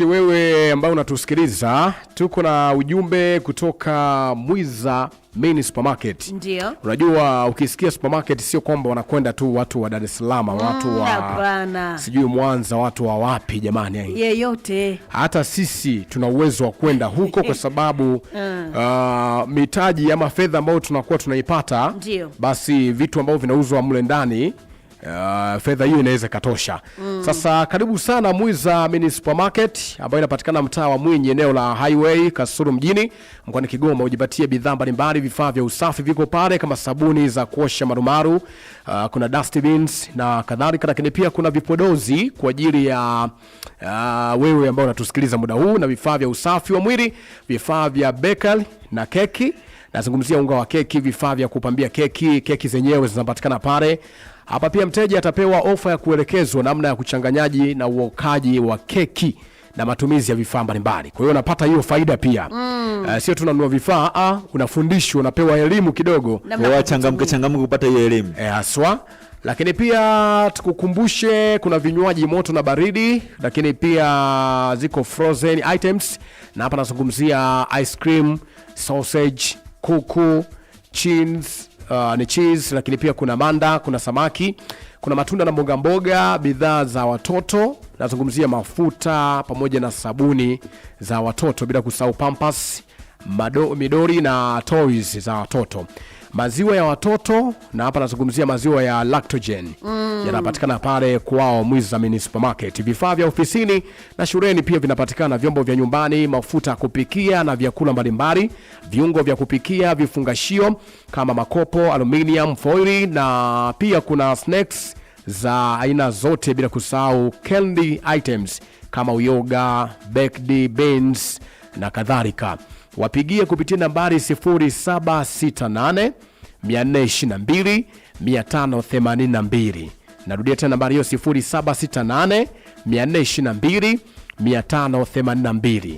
Wewe ambao unatusikiliza, tuko na ujumbe kutoka Mwiza Mini Supermarket. Ndio. Unajua ukisikia supermarket sio kwamba wanakwenda tu watu wa Dar es Salaam, mm, watu wa sijui Mwanza, watu wa wapi jamani. Yeyote. Hata sisi tuna uwezo wa kwenda huko kwa sababu mm. uh, mitaji ama fedha ambayo tunakuwa tunaipata, basi vitu ambavyo vinauzwa mle ndani uh, fedha hiyo inaweza katosha. mm. Sasa karibu sana Mwiza Mini Supermarket ambayo inapatikana mtaa wa Mwinyi, eneo la highway Kasulu mjini mkoani Kigoma. Ujipatie bidhaa mbalimbali, vifaa vya usafi viko pale kama sabuni za kuosha marumaru uh, kuna dustbins na kadhalika, lakini pia kuna vipodozi kwa ajili ya uh, wewe ambao unatusikiliza muda huu, na vifaa vya usafi wa mwili, vifaa vya bakery na keki nazungumzia unga wa keki, vifaa vya kupambia keki. Keki zenyewe zinapatikana pale, hapa pia mteja atapewa ofa ya kuelekezwa namna ya kuchanganyaji na uokaji wa keki na matumizi ya vifaa mbalimbali. Kwa hiyo unapata hiyo faida pia mm. Uh, sio tunanunua vifaa, ah, unafundishwa, unapewa elimu kidogo, wachangamke changamke kupata hiyo elimu eh, haswa. Lakini pia tukukumbushe, kuna vinywaji moto na baridi, lakini pia ziko frozen items, na hapa nazungumzia ice cream, sausage, kuku, cheese uh, ni cheese, lakini pia kuna manda, kuna samaki, kuna matunda na mboga mboga, bidhaa za watoto, nazungumzia mafuta pamoja na sabuni za watoto, bila kusahau pampas, midori na toys za watoto maziwa ya watoto, na hapa nazungumzia maziwa ya lactogen mm. yanapatikana pale kwao Mwizamini Supermarket. Vifaa vya ofisini na shuleni pia vinapatikana, vyombo vya nyumbani, mafuta ya kupikia na vyakula mbalimbali, viungo vya kupikia, vifungashio kama makopo, aluminium foil, na pia kuna snacks za aina zote, bila kusahau candy items kama uyoga, baked beans na kadhalika wapigie kupitia nambari 0768 422 Narudia tena nambari hiyo 0768 422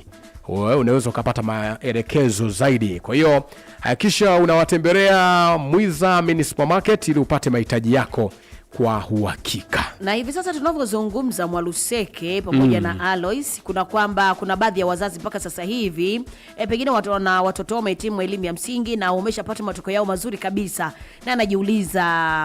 Wewe unaweza ukapata maelekezo zaidi. Kwa hiyo hakikisha unawatembelea Mwiza Mini Supermarket ili upate mahitaji yako kwa uhakika. Na hivi sasa tunavyozungumza, Mwaluseke pamoja mm. na Alois, kuna kwamba kuna baadhi ya wazazi mpaka sasa hivi e, pengine wana watoto wamehitimu elimu ya msingi na umeshapata matokeo yao mazuri kabisa, na anajiuliza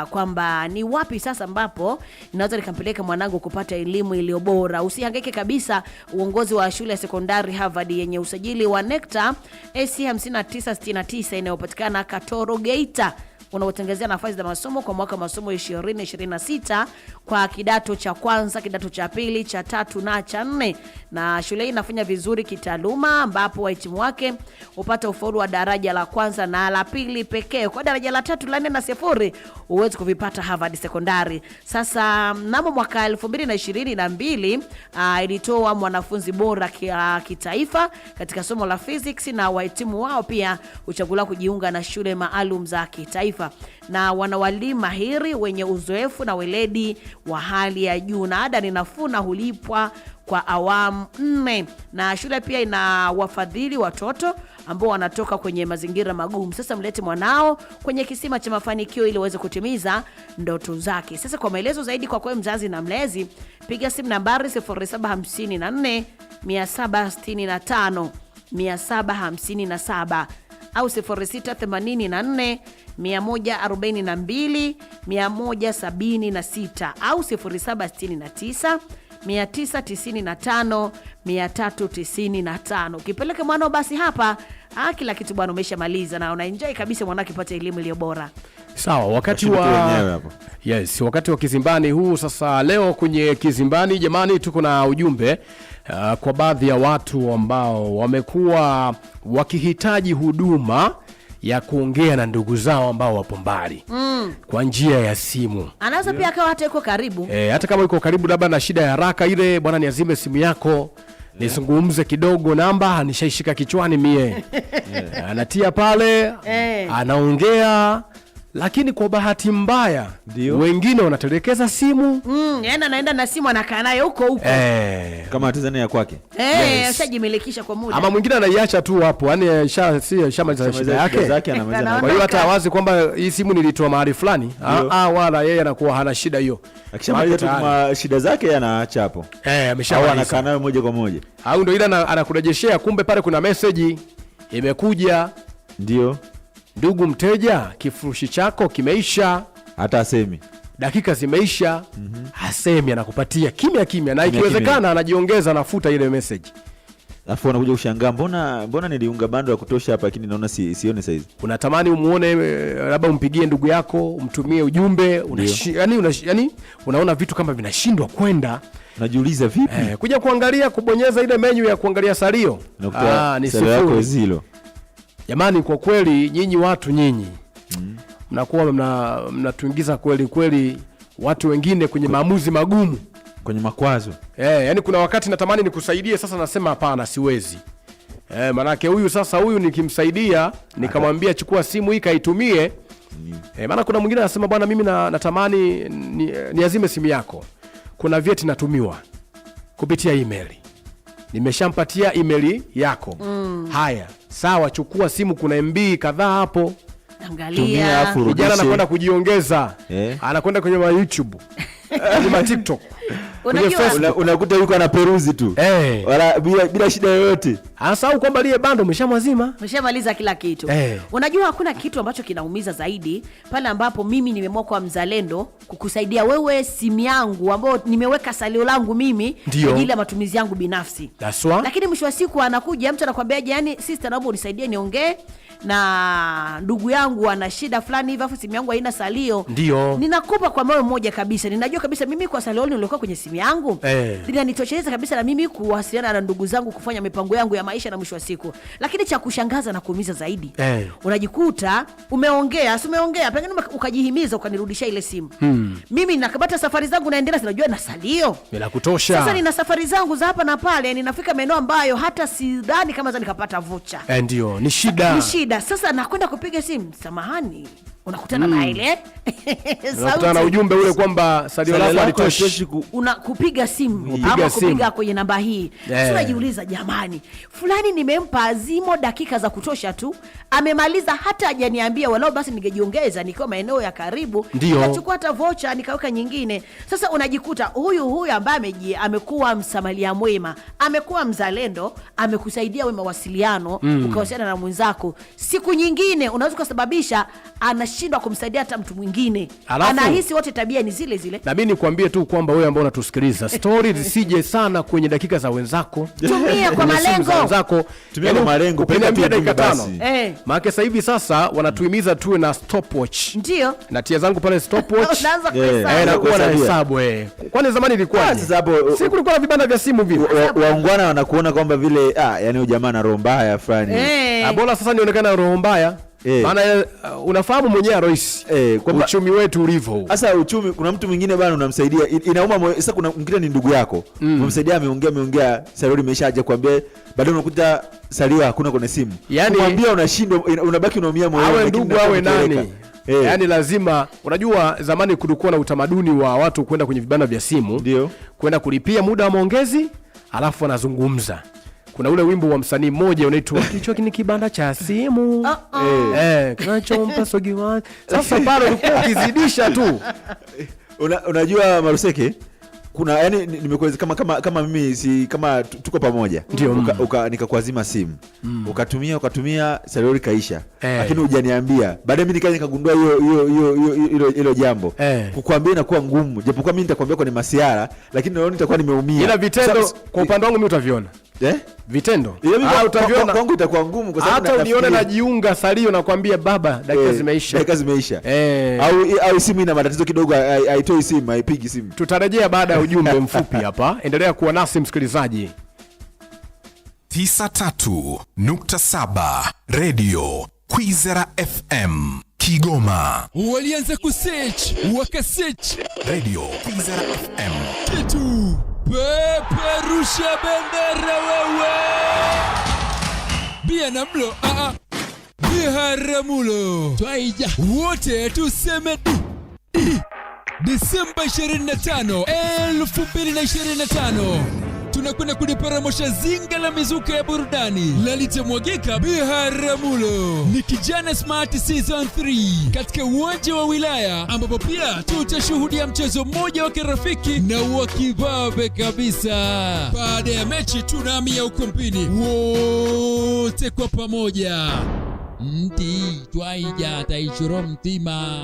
kwamba ni wapi sasa ambapo naweza nikampeleka mwanangu kupata elimu iliyo bora. Usihangaike kabisa, uongozi wa shule ya sekondari Harvard yenye usajili wa NECTA AC 5969 inayopatikana Katoro Geita unaotengezea nafasi za masomo kwa mwaka wa masomo 2026 kwa kidato cha kwanza, kidato cha pili, cha tatu na cha nne. Na shule hii inafanya vizuri kitaaluma, ambapo wahitimu wake hupata ufaulu wa daraja la kwanza na la pili pekee. Kwa daraja la tatu, la nne na sifuri huwezi kuvipata Harvard Secondary. Sasa mnamo mwaka 2022 uh, ah, ilitoa mwanafunzi bora uh, kitaifa katika somo la physics na wahitimu wao pia huchaguliwa kujiunga na shule maalum za kitaifa kimataifa na wanawalimu mahiri wenye uzoefu na weledi wa hali ya juu, na ada ni nafuu na hulipwa kwa awamu nne, na shule pia ina wafadhili watoto ambao wanatoka kwenye mazingira magumu. Sasa mlete mwanao kwenye kisima cha mafanikio ili aweze kutimiza ndoto zake. Sasa kwa maelezo zaidi, kwa kweli mzazi na mlezi, piga simu nambari 0754 765 au 0684 142 176 au 0769 995 kipeleke Ukipeleke mwanao basi hapa ah, kila kitu bwana, umeshamaliza na unaenjoy kabisa, mwanao akipata elimu iliyo bora. Sawa, wakati wa yes, wakati wa Kizimbani huu sasa. Leo kwenye Kizimbani jamani, tuko na ujumbe uh, kwa baadhi ya watu ambao wamekuwa wakihitaji huduma ya kuongea na ndugu zao ambao wapo mbali mm. kwa njia ya simu. Anaweza pia akawa hata yuko karibu e, hata kama yuko karibu labda na shida ya haraka ile, bwana niazime simu yako nizungumze kidogo, namba nishaishika kichwani mie. Eh, anatia pale, eh. anaongea lakini kwa bahati mbaya Dio. Wengine wanatelekeza simu mm, yani anaenda na simu anakaa nayo huko huko eh, kama atizania kwake eh, ashajimilikisha kwa muda, ama mwingine anaiacha tu hapo, yani si ashamaliza shida yake. Kwa hiyo hata awazi kwamba hii simu nilitoa mahali fulani, ah, ah wala yeye anakuwa hana shida hiyo, akishamaliza tu kwa shida zake anaacha hapo eh, ameshaanza anakaa nayo moja kwa moja, au ndio ile anakurejeshea, kumbe pale kuna message imekuja ndio ndugu mteja, kifurushi chako kimeisha. Hata asemi dakika zimeisha, mm -hmm. Asemi anakupatia kimya kimya, na ikiwezekana anajiongeza, nafuta ile message Alafu anakuja kushangaa mbona mbona niliunga bando ya kutosha hapa lakini naona si, sione saizi. Unatamani umuone eh, labda umpigie ndugu yako umtumie ujumbe unashi, yani, unashi, yani, unaona vitu kama vinashindwa kwenda. najiuliza vipi? Eh, kuja kuangalia kubonyeza ile menyu ya kuangalia salio. Aa, ah, ni sifuri. Jamani, kwa kweli nyinyi watu nyinyi mm. mnakuwa mm. mnatuingiza mna, kweli kweli watu wengine kwenye maamuzi magumu kwenye makwazo eh, yani kuna wakati natamani nikusaidie, sasa nasema hapana, siwezi eh, manake huyu sasa, huyu nikimsaidia nikamwambia chukua simu hii kaitumie mm. eh, maana kuna mwingine anasema bwana, mimi na, natamani niazime ni simu yako, kuna vyeti natumiwa kupitia email nimeshampatia email yako mm. Haya, sawa, chukua simu, kuna MB kadhaa hapo, angalia. Kijana anakwenda kujiongeza eh. Anakwenda kwenye YouTube kwenye TikTok unakuta yuko peruzi tu hey, eh. wala bila, bila shida yoyote, anasahau kwamba liye bando umeshamwazima, umeshamaliza kila kitu hey. Eh. Unajua hakuna kitu ambacho kinaumiza zaidi pale ambapo mimi nimeamua kwa mzalendo kukusaidia wewe, simu yangu ambayo nimeweka salio langu mimi kwa ajili ya matumizi yangu binafsi, lakini mwisho wa siku anakuja mtu anakuambia, yani sister, naomba unisaidie niongee na ndugu yangu ana shida fulani hivi, afu simu yangu haina salio, ndio ninakupa kwa moyo mmoja kabisa. Ninajua kabisa mimi kwa salio nilikuwa kwenye simu yangu eh, linanitosheleza kabisa na mimi kuwasiliana na ndugu zangu, kufanya mipango yangu ya maisha na mwisho wa siku. Lakini cha kushangaza na kuumiza zaidi eh, unajikuta umeongea, si umeongea, pengine ukajihimiza ukanirudishia ile simu hmm. Mimi nakabata safari zangu naendelea, sinajua na salio bila kutosha. Sasa nina safari zangu za hapa na pale, ninafika maeneo ambayo hata sidhani kama za nikapata vocha eh, ndio ni shida, ni shida shida Sasa nakwenda kupiga simu, samahani unakutana mm. na ile sauti na ujumbe ule kwamba salio lako alitoshi, unakupiga simu ama kupiga kwenye namba hii yeah. Unajiuliza, jamani, fulani nimempa azimo dakika za kutosha tu, amemaliza hata hajaniambia, walau basi ningejiongeza nikiwa maeneo ya karibu, nikachukua hata vocha nikaweka nyingine. Sasa unajikuta huyu huyu ambaye amekuwa msamalia mwema, amekuwa mzalendo, amekusaidia we mawasiliano mm. ukawasiliana na mwenzako, siku nyingine unaweza kusababisha ana anashindwa kumsaidia hata mtu mwingine, anahisi wote tabia ni zile zile. Na mimi nikwambie tu kwamba wewe ambao unatusikiliza, stori zisije sana kwenye dakika za wenzako, tumie kwa malengo wenzako, tumie yaani kwa malengo, pekee tu dakika tano. Eh. Maana sasa hivi sasa wanatuhimiza tuwe na stopwatch, ndio na tia zangu pale stopwatch, naanza eh. yaani na kuwa na hesabu eh. Kwani zamani ilikuwa ah, ni si uh, kulikuwa na vibanda vya simu vile, waungwana wanakuona kwamba vile, ah, yani huyu jamaa ana roho mbaya fulani, eh. ah, bora sasa nionekana roho mbaya Eh. Maana uh, unafahamu mwenyewe rais eh, kwa uchumi wetu ulivyo. Sasa uchumi kuna mtu mwingine bwana unamsaidia. Inauma sasa kuna mwingine ni ndugu yako. Mm. Unamsaidia ameongea ameongea salio imeshaje kwambie baadaye unakuta salio hakuna kwenye simu. Yaani kumwambia unashindwa unabaki unaumia moyo. Awe ndugu awe nani? Hey. Eh. Yaani lazima unajua, zamani kulikuwa na utamaduni wa watu kwenda kwenye vibanda vya simu, ndio kwenda kulipia muda wa maongezi, alafu anazungumza kuna ule wimbo wa msanii mmoja unaitwa kichwa ni kibanda cha simu uh-uh. eh, kinachompa Sasa pale ulikuwa ukizidisha tu. Una, unajua Maruseke kuna yani, nimekuwa kama, kama, kama mimi si kama tuko pamoja ndio, mm. nikakuazima simu mm. ukatumia ukatumia salary kaisha hey. Eh. Lakini hujaniambia baadaye, mimi nikaja nikagundua hiyo hiyo hiyo hilo hilo jambo hey. Eh. Kukuambia inakuwa ngumu, japo japokuwa mimi nitakwambia kwa ni masiara, lakini naona nitakuwa nimeumia, ila vitendo kwa upande wangu mimi utaviona eh vitendo ah, kwangu itakuwa ngumu kwa sababu hata unione najiunga salio na kuambia baba, dakika hey. Eh, zimeisha, dakika zimeisha, hey. au au simu ina matatizo kidogo, haitoi simu, haipigi simu. Tutarejea baada ya ujumbe mfupi hapa. Endelea kuwa nasi msikilizaji. 93.7 Radio Kwizera FM Kigoma. Walianza kusearch, wakasearch. Radio Kwizera FM. Kitu peperusha bendera wewe. Bia na mlo, a ah, a. Ah. Biharamulo. Twaija. Wote tuseme du. Disemba 25, 2025 tunakwenda kuliparamosha zinga la mizuka ya burudani lalitamwagika Biharamulo. Ni Kijana Smart Season 3 katika uwanja wa wilaya, ambapo pia tutashuhudia mchezo mmoja wa kirafiki na wa kibabe kabisa. Baada ya mechi tunahamia ukumbini wote kwa pamoja. mti twaija taichoro mtima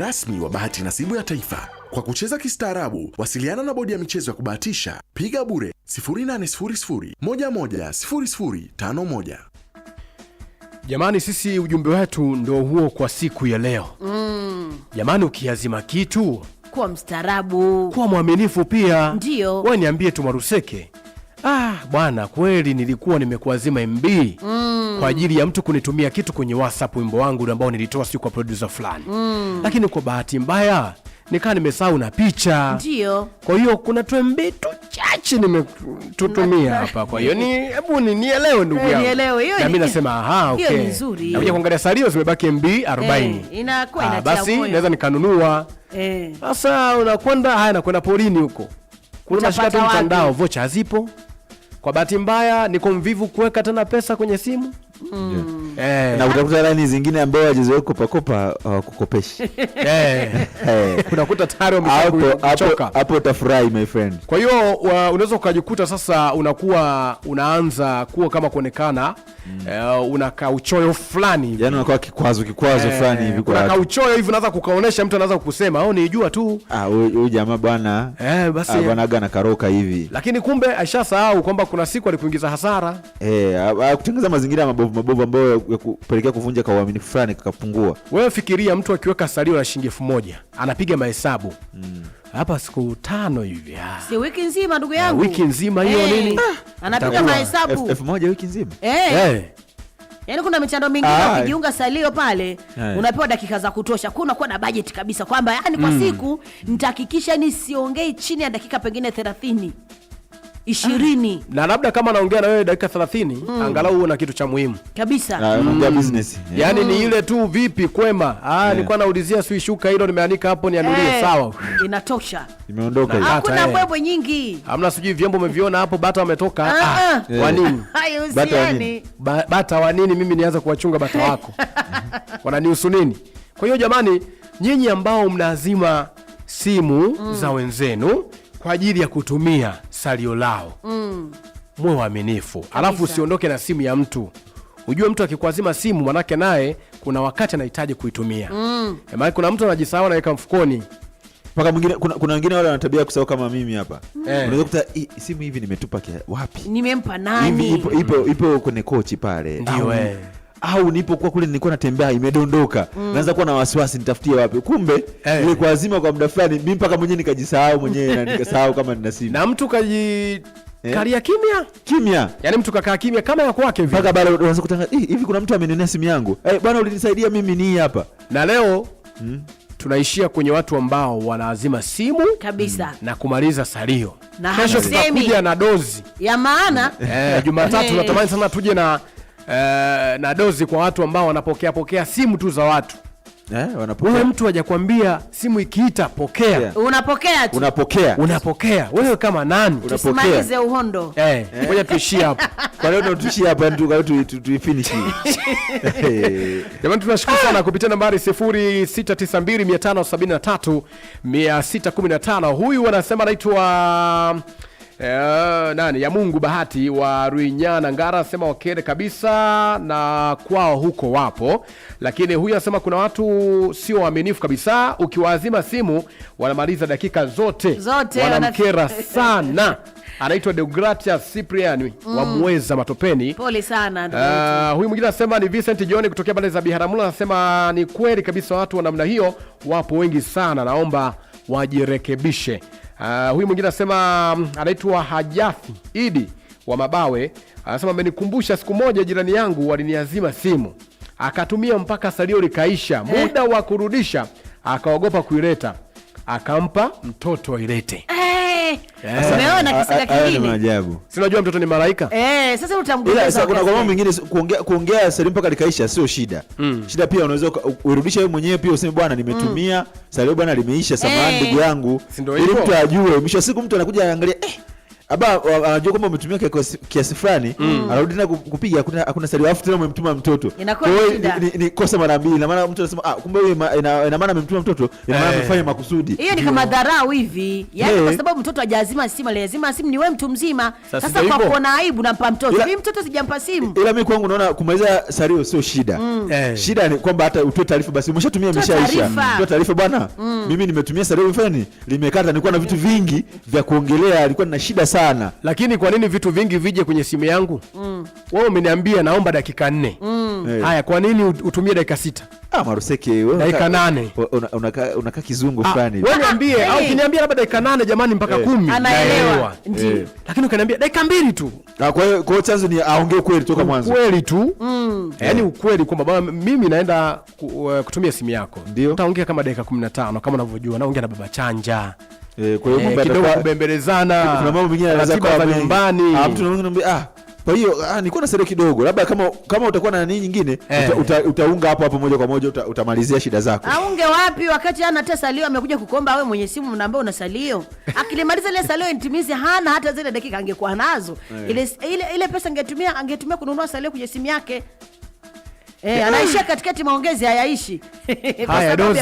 rasmi wa bahati nasibu ya taifa. Kwa kucheza kistaarabu, wasiliana na bodi ya michezo ya kubahatisha. Piga bure 0800 11 0051. Jamani, sisi ujumbe wetu ndo huo kwa siku ya leo mm. Jamani, ukiazima kitu kwa mstaarabu, kwa mwaminifu pia. Ndio wewe niambie, tumaruseke Ah, bwana kweli nilikuwa nimekuazima MB mm. kwa ajili ya mtu kunitumia kitu kwenye WhatsApp wimbo wangu ambao nilitoa siku kwa producer fulani mm. lakini kwa bahati mbaya nikaa nimesahau na picha. Ndio. Kwa hiyo kuna tuembe tu chache nimetutumia hapa, kwa hiyo ni hebu ni nielewe ndugu eh, yangu. Nielewe hiyo. Na mimi nasema aha, okay. Hiyo ni nzuri. Na kuangalia salio zimebaki MB 40. Eh, inakuwa ah, inatia basi naweza nikanunua. Eh. Sasa unakwenda haya nakwenda porini huko. Kuna mashaka mtandao, vocha hazipo. Kwa bahati mbaya niko mvivu kuweka tena pesa kwenye simu. Mm. Eh. Na utakuta lani zingine ambayo wajezoe kupakopa hawakukopeshi. Uh, eh. eh. Unakuta tayari wamechoka. Hapo utafurahi my friend. Kwa hiyo unaweza ukajikuta sasa unakuwa unaanza kuwa kama kuonekana Uh, una kauchoyo fulani. yani unakuwa kikwazo kikwazo eh, fulani hivi kwa. Una kauchoyo hivi unaanza kukaonesha mtu anaanza kukusema, au oh, nijua tu." Ah, huyu jamaa bwana. Eh, basi. Ah, bwana gana karoka hivi. Lakini kumbe aishasahau kwamba kuna siku alikuingiza hasara. Eh, akutengeza mazingira mabovu mabovu mabovu ambayo ya kupelekea kuvunja kwa uaminifu fulani kakapungua. Wewe fikiria mtu akiweka salio la shilingi elfu moja anapiga mahesabu mm. Hapa siku tano hivi, ah. si wiki nzima, ndugu yangu, wiki nzima hiyo hey. Eh. Nini ah, anapiga mahesabu elfu moja wiki nzima hey. Eh. Eh. Hey. Yaani kuna michando mingine ah. ukijiunga salio pale Aye. unapewa dakika za kutosha, kuna kuwa na budget kabisa kwamba yani kwa mm. siku nitahakikisha ni siongei chini ya dakika pengine 30 ishirini ah. na labda kama naongea na wewe dakika 30 mm. angalau huo na kitu cha muhimu kabisa mm. business yeah. Yani ni hmm. ile tu vipi kwema yeah. Eh. Nilikuwa naulizia sui shuka hilo nimeanika hapo nianulie hey. Eh, sawa, inatosha imeondoka, ah, hakuna eh. bwebwe eh. nyingi hamna, sijui vyombo umeviona hapo, bata wametoka ah, ah. Yeah. kwa nini bata wa nini ba, bata wa nini mimi nianza kuwachunga bata wako wananihusu nini? Kwa hiyo jamani, nyinyi ambao mnazima simu mm. za wenzenu kwa ajili ya kutumia salio lao mm. Mwe waaminifu, alafu usiondoke na simu ya mtu. Ujue mtu akikwazima simu, manake naye kuna wakati anahitaji kuitumia mm. Eh, maana kuna mtu anajisahau, anaweka mfukoni mpaka mwingine. Kuna wengine wale wanatabia kusahau, kama mimi hapa mm. Unaweza eh. kuta simu hivi nimetupa wapi, nimempa nani, ipo, ipo, ipo kwenye kochi pale, ndio au nilipokuwa kule nilikuwa natembea imedondoka, mm. naanza kuwa na wasiwasi nitafutie wapi, kumbe hey. Eh. ile kwa azima kwa muda fulani mimi mpaka mwenyewe nikajisahau mwenyewe na nikasahau kama nina simu na mtu kaji Eh? Kalia kimya kimya, yani mtu kakaa kimya kama ya kwake hivi, mpaka bado unaanza kutangaza hivi, kuna mtu amenionea simu yangu eh, bwana ulinisaidia mimi, ni hapa na leo hmm? Tunaishia kwenye watu ambao wanaazima simu kabisa hmm. na kumaliza salio. na Kesho tutakuja na dozi ya maana. Eh, Jumatatu natamani sana tuje na Eh, na dozi kwa watu ambao wanapokea pokea simu tu za watu eh, wewe mtu hajakwambia simu ikiita pokea. Yeah. Unapokea tu. Unapokea. Unapokea. Wewe kama nani? Tusimalize uhondo. Eh, ngoja tuishie hapo. Kwa leo ndio tuishie hapo ndio hapa tu tu finish. Jamani tunashukuru sana kupitia nambari 0692573615. Huyu anasema anaitwa uh, eh, nani ya Mungu Bahati wa Ruinyana Ngara anasema wakere kabisa na kwao huko wapo, lakini huyu anasema kuna watu sio waaminifu kabisa, ukiwaazima simu wanamaliza dakika zote, zote wanamkera sana anaitwa Deogratia Cyprian mm. wa Mweza Matopeni. Pole sana uh, huyu mwingine anasema ni Vincent John kutokea pale za Biharamulo, anasema ni kweli kabisa watu wa namna hiyo wapo wengi sana, naomba wajirekebishe. Uh, huyu mwingine anasema mm, anaitwa Hajafi Idi wa Mabawe, anasema amenikumbusha siku moja jirani yangu waliniazima simu akatumia mpaka salio likaisha, eh. muda wa kurudisha akaogopa kuileta akampa mtoto ailete. Eh. Eh, umeona eh, kisa eh, kingine. Si unajua mtoto ni malaika? kuongea kuongea mpaka likaisha sio shida. Mm. Shida pia unaweza urudisha mwenyewe pia useme bwana nimetumia, salio bwana limeisha, samahani ndugu yangu. Ili mtu ajue, mwisho siku mtu anakuja anaangalia eh Aba anajua kwamba umetumia kiasi fulani, mm. anarudi tena kupiga, hakuna salio, alafu tena umemtuma mtoto. Kwa hiyo ni kosa mara mbili, na maana mtu anasema ah, kumbe huyo ina maana amemtuma mtoto, ina maana eh. amefanya makusudi. Hiyo ni kama dharau hivi, yaani eh. kwa sababu mtoto hajazima simu, lazima simu ni wewe mtu mzima. Sasa kwa kuona aibu nampa mtoto, mimi mtoto sijampa simu. Ila mimi kwangu naona kumaliza salio sio shida, mm. eh. shida ni kwamba hata utoe taarifa, basi umeshatumia imeshaisha, toa taarifa bwana, mm. mimi nimetumia salio, mfano limekata, nilikuwa na vitu vingi vya kuongelea, alikuwa na shida sana sana. lakini kwa nini vitu vingi vije kwenye simu yangu? mm. Wewe umeniambia naomba dakika nne. mm. Hey. Eh. Haya, kwa nini utumie dakika sita? Ah, maruseke wewe dakika nane unakaa unakaa kizungu ah, fulani. Wewe niambie ah, au kiniambia labda dakika nane jamani mpaka hey. Eh. kumi. Anaelewa. Ndio. Hey. Eh. Lakini ukaniambia dakika mbili tu. Na ah, kwa hiyo kwa chanzo ni aongee kweli toka mwanzo. Kweli tu. Mm. Yaani ukweli kwamba baba mimi naenda kutumia simu yako. Ndio. Utaongea kama dakika 15 kama unavyojua naongea na baba chanja. Eh, kwa hiyo eh, mambo kidogo kubembelezana. Eh, kuna mambo mengine yanaweza nyumbani. Mtu ah, anamwambia ah kwa hiyo ah, nilikuwa na serio kidogo, labda kama kama utakuwa na nini nyingine hey, uta, utaunga hapo hapo moja kwa moja uta, utamalizia shida zako. Aunge wapi wakati ana hata salio, amekuja kukomba wewe mwenye simu unaambia una salio. Akilimaliza ile salio intimizi hana hata zile dakika angekuwa nazo. Hey. Ile, ile ile pesa angetumia angetumia kununua salio kwenye simu yake. Eh, anaishia katikati maongezi hayaishi. Haya dozi.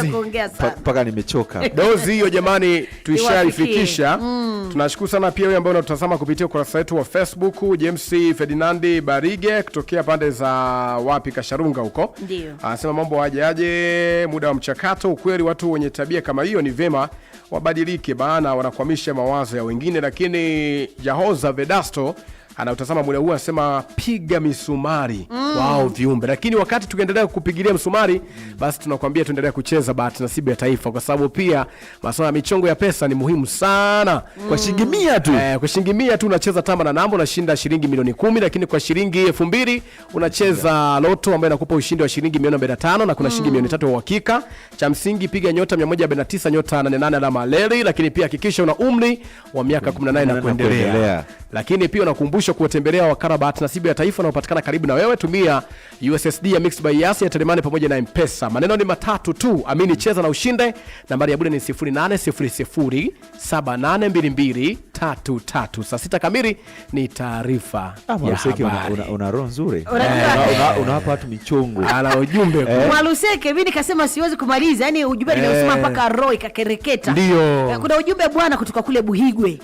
Mpaka nimechoka. Dozi hiyo jamani tuisharifikisha Mm. Tunashukuru sana pia wewe ambao unatutazama kupitia ukurasa wetu wa Facebook James Ferdinandi Barige kutokea pande za wapi Kasharunga huko. Ndio. Anasema mambo aje, muda wa mchakato ukweli watu wenye tabia kama hiyo ni vema wabadilike, maana wanakwamisha mawazo ya wengine, lakini Jahoza Vedasto anautazama muda huu anasema piga misumari mm. wao viumbe. Lakini wakati tukiendelea kupigilia msumari, basi tunakwambia tuendelea kucheza bahati nasibu ya taifa, kwa sababu pia masuala ya michongo ya pesa ni muhimu sana mm. kwa mia tu eh, kwa shilingi mia tu unacheza tamba na namba unashinda shilingi milioni kumi, lakini kwa shilingi elfu mbili unacheza yeah. loto ambayo inakupa ushindi wa shilingi milioni 45 na kuna mm. shilingi milioni tatu ya uhakika. Cha msingi piga nyota 149 nyota 88 alama leli, lakini pia hakikisha una umri wa miaka 18 na kuendelea, lakini pia unakumbusha mwisho kuwatembelea bahati nasibu ya taifa unaopatikana karibu na wewe, tumia USSD ya Mixx by yasi ya Telemani pamoja na mpesa Maneno ni matatu tu, amini, cheza na ushinde. Nambari ya bure ni 0800 7822 tatu tatu. Saa sita kamili ni taarifa ah, Una roho nzuri, unawapa eh, watu michongo, ana ujumbe eh. Mwaluseke. Mi nikasema siwezi kumaliza, yani ujumbe nimeusoma eh. mpaka roho ikakereketa. Ndio kuna ujumbe bwana kutoka kule Buhigwe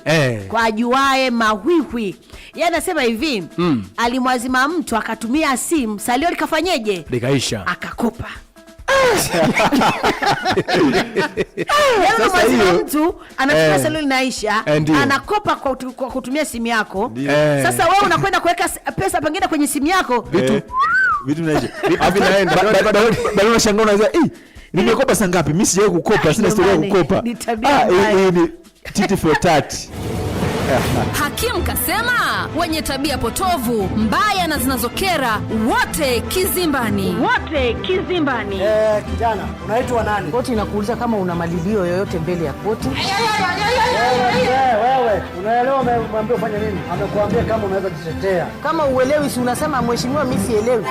kwa ajuae Mahwihwi, yeye anasema hivi mm. alimwazima mtu akatumia simu, salio likafanyeje? Likaisha, akakopa Yaani mtu anachukua eh, saluni eh, anakopa kwa, kwa kutumia simu yako eh. Sasa wewe unakwenda kuweka pesa pengine kwenye simu yako eh. nimekopa saa ngapi? kukopa, sina historia ya kukopa. Ah, titi for Hakimu kasema wenye tabia potovu mbaya na zinazokera wote kizimbani, wote kizimbani. Eh, kijana unaitwa nani? Koti inakuuliza kama una malilio yoyote mbele ya koti. Wewe unaelewa umeambiwa fanya nini? Amekuambia kama unaweza jitetea. Kama uelewi, si unasema mheshimiwa, mimi sielewi.